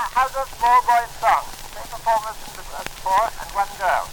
How does small Boy's and song. Same performance as before, and one girl.